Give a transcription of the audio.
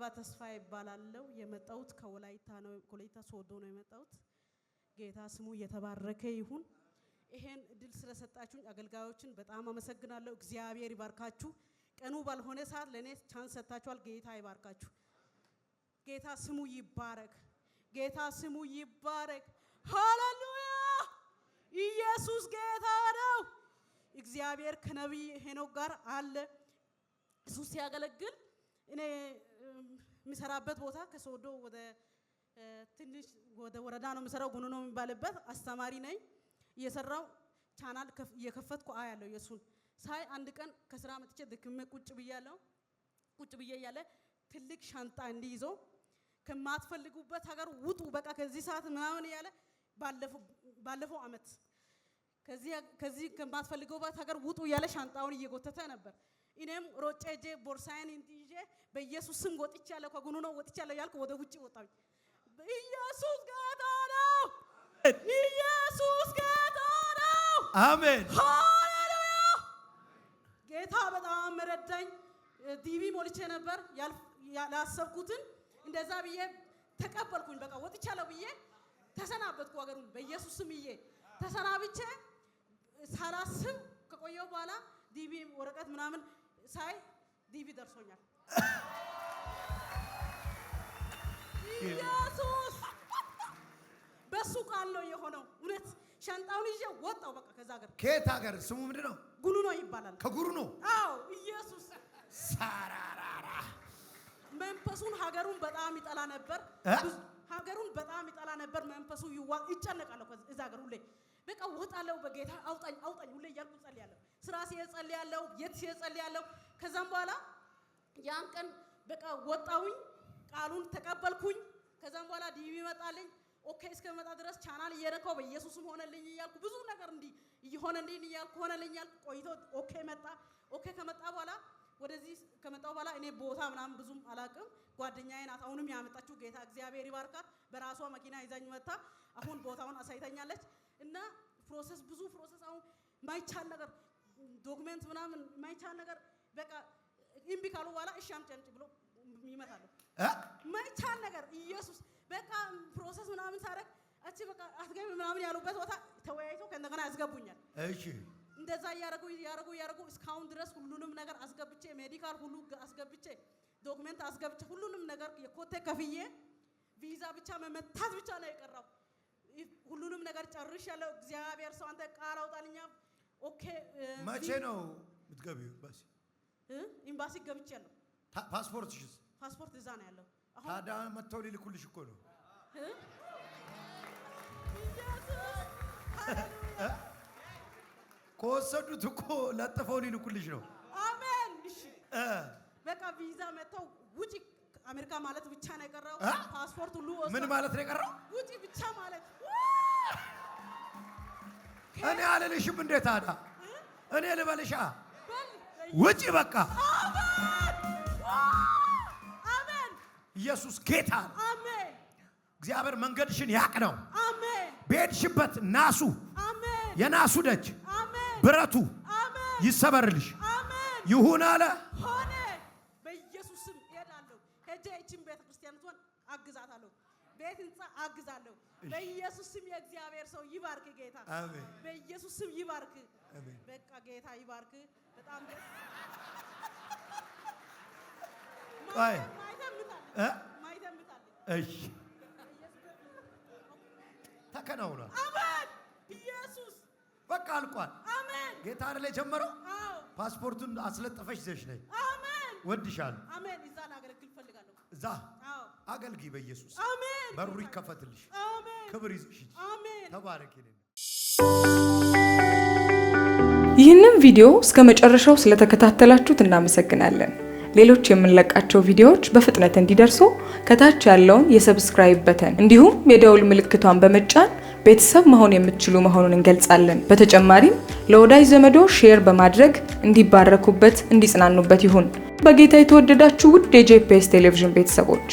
ጥበባ ተስፋ ይባላለው። የመጣሁት ከወላይታ ነው፣ ከወላይታ ሶዶ ነው የመጣሁት። ጌታ ስሙ እየተባረከ ይሁን። ይሄን እድል ስለሰጣችሁኝ አገልጋዮችን በጣም አመሰግናለሁ። እግዚአብሔር ይባርካችሁ። ቀኑ ባልሆነ ሰዓት ለእኔ ቻንስ ሰጥታችኋል። ጌታ ይባርካችሁ። ጌታ ስሙ ይባረክ። ጌታ ስሙ ይባረክ። ሃሌሉያ! ኢየሱስ ጌታ ነው። እግዚአብሔር ከነቢይ ሄኖክ ጋር አለ እሱ ሲያገለግል እኔ የሚሰራበት ቦታ ከሶዶ ወደ ትንሽ ወደ ወረዳ ነው የምሰራው፣ ጉኑ ነው የሚባልበት አስተማሪ ነኝ። እየሰራው ቻናል እየከፈትኩ አያለሁ። የእሱን ሳይ አንድ ቀን ከስራ መጥቼ ድክሜ ቁጭ ብያለሁ። ቁጭ ብዬ እያለ ትልቅ ሻንጣ እንዲይዞ ከማትፈልጉበት ሀገር ውጡ፣ በቃ ከዚህ ሰዓት ምናምን እያለ ባለፈው አመት ከዚህ ከማትፈልገውበት ሀገር ውጡ እያለ ሻንጣውን እየጎተተ ነበር። እኔም ሮጬ ሄጄ ቦርሳዬን እንትን ይዤ በኢየሱስ ስም ወጥቻለሁ፣ ከጉኑ ነው ወጥቻለሁ ያልኩ ወደ ውጭ ወጣሁኝ። ኢየሱስ ጌታ ነው። ኢየሱስ ጌታ ነው። አሜን። ሃሌሉያ። ጌታ በጣም ረዳኝ። ዲቪ ሞልቼ ነበር ያላሰብኩትን እንደዛ ብዬ ተቀበልኩኝ። በቃ ወጥቻለሁ ብዬ ተሰናበትኩ ሀገሩን በኢየሱስ ስም ብዬ ተሰናብቼ ሳላስብ ከቆየው በኋላ ዲቪ ወረቀት ምናምን ሳይ ዲቪ ደርሶኛል። ኢየሱስ በሱ ቃል ነው የሆነው። እውነት ሻንጣውን ይዤ ወጣው። በቃ ከዛ ሀገር ከየት ሀገር ስሙ ምንድን ነው? ጉኑ ነው ይባላል። ከጉሩ ነው። አዎ ኢየሱስ ሳራራራ መንፈሱን ሀገሩን በጣም ይጠላ ነበር። ሀገሩን በጣም ይጠላ ነበር። መንፈሱ ይዋ ይጨነቃለሁ እዛ ሀገር ሁሌ በቃ ወጣለው በጌታ አውጣኝ አውጣኝ ሁሌ እያልኩ ጸልያለሁ። ስራ ሲጸልያለሁ፣ የት ሲጸልያለሁ። ከዛም በኋላ ያን ቀን በቃ ወጣውኝ፣ ቃሉን ተቀበልኩኝ። ከዛም በኋላ ዲቪ ይመጣልኝ። ኦኬ እስከመጣ ድረስ ቻናል እየነካው በኢየሱስም ሆነልኝ እያልኩ ብዙ ነገር እንዲህ እየሆነልኝ እያልኩ ሆነልኝ እያልኩ ቆይቶ ኦኬ መጣ። ኦኬ ከመጣ በኋላ ወደዚህ ከመጣው በኋላ እኔ ቦታ ምናምን ብዙም አላቅም። ጓደኛዬ ናት አሁንም ያመጣችው። ጌታ እግዚአብሔር ይባርካት። በራሷ መኪና ይዛኝ መጣ። አሁን ቦታውን አሳይተኛለች። እና ፕሮሰስ ብዙ ፕሮሰስ አሁን ማይቻል ነገር ዶክመንት ምናምን ማይቻል ነገር በቃ እምቢ ካሉ በኋላ እሺ አምጪ ብሎ ይመታሉ። ማይቻል ነገር ኢየሱስ በቃ ፕሮሰስ ምናምን ሳደርግ እቺ በቃ አትገቢ ምናምን ያሉበት ቦታ ተወያይቶ ከእንደገና ያስገቡኛል። እሺ እንደዛ እያደረጉ እያደረጉ እያደረጉ እስካሁን ድረስ ሁሉንም ነገር አስገብቼ ሜዲካል ሁሉ አስገብቼ ዶክመንት አስገብቼ ሁሉንም ነገር የኮቴ ከፍዬ ቪዛ ብቻ መመታት ብቻ ነው የቀረው። ሁሉንም ነገር ጨርሻለሁ። እግዚአብሔር ሰው አንተ ቃል አውጣልኛ። ኦኬ መቼ ነው የምትገቢው? ኤምባሲ ኤምባሲ ገብቻለሁ። ፓስፖርትሽስ? ፓስፖርት እዛ ነው ያለው። ታዲያ መጥተው ሊልኩልሽ እኮ ነው። ከወሰዱት እኮ ለጥፈው ሊልኩልሽ ነው። አሜን። እሺ በቃ ቪዛ መጥተው ውጪ አሜሪካ ማለት ብቻ ነው የቀረው። ፓስፖርት ሁሉ ምን ማለት ነው የቀረው? ውጪ ብቻ እኔ አልልሽም። እንዴት አዳ እኔ ልበልሻ? ውጪ በቃ። ኢየሱስ ጌታ ነው። እግዚአብሔር መንገድሽን ያቅ ነው። በሄድሽበት ናሱ የናሱ ደጅ ብረቱ ይሰበርልሽ። ይሁን አለ ሆነ። በኢየሱስም እሄዳለሁ። ሄጄ ይህችን ቤተክርስቲያን ትሆን አግዛታለሁ ቤት ህንፃ አግዛለሁ። በኢየሱስ ስም የእግዚአብሔር ሰው ይባርክ ጌታ። አሜን። በኢየሱስ ስም ይባርክ። አሜን። በቃ ጌታ ይባርክ። በጣም ደስ ቆይ እሺ ተከናውኗል። አሜን። ኢየሱስ በቃ አልቋል። አሜን። ጌታ አይደል የጀመረው? ፓስፖርቱን አስለጥፈሽ ይዘሽ ነይ። አሜን። ወድሻለሁ። አሜን። እዛ ላገለግል እፈልጋለሁ። እዛ አገልግይ በኢየሱስ አሜን። በሩ ይከፈትልሽ። አሜን። ክብር ይዝሽ። አሜን። ተባረክ። ይህንን ቪዲዮ እስከ መጨረሻው ስለተከታተላችሁት እናመሰግናለን። ሌሎች የምንለቃቸው ቪዲዮዎች በፍጥነት እንዲደርሱ ከታች ያለውን የሰብስክራይብ በተን እንዲሁም የደውል ምልክቷን በመጫን ቤተሰብ መሆን የምትችሉ መሆኑን እንገልጻለን። በተጨማሪም ለወዳጅ ዘመዶ ሼር በማድረግ እንዲባረኩበት፣ እንዲጽናኑበት ይሁን። በጌታ የተወደዳችሁ ውድ የጄፒኤስ ቴሌቪዥን ቤተሰቦች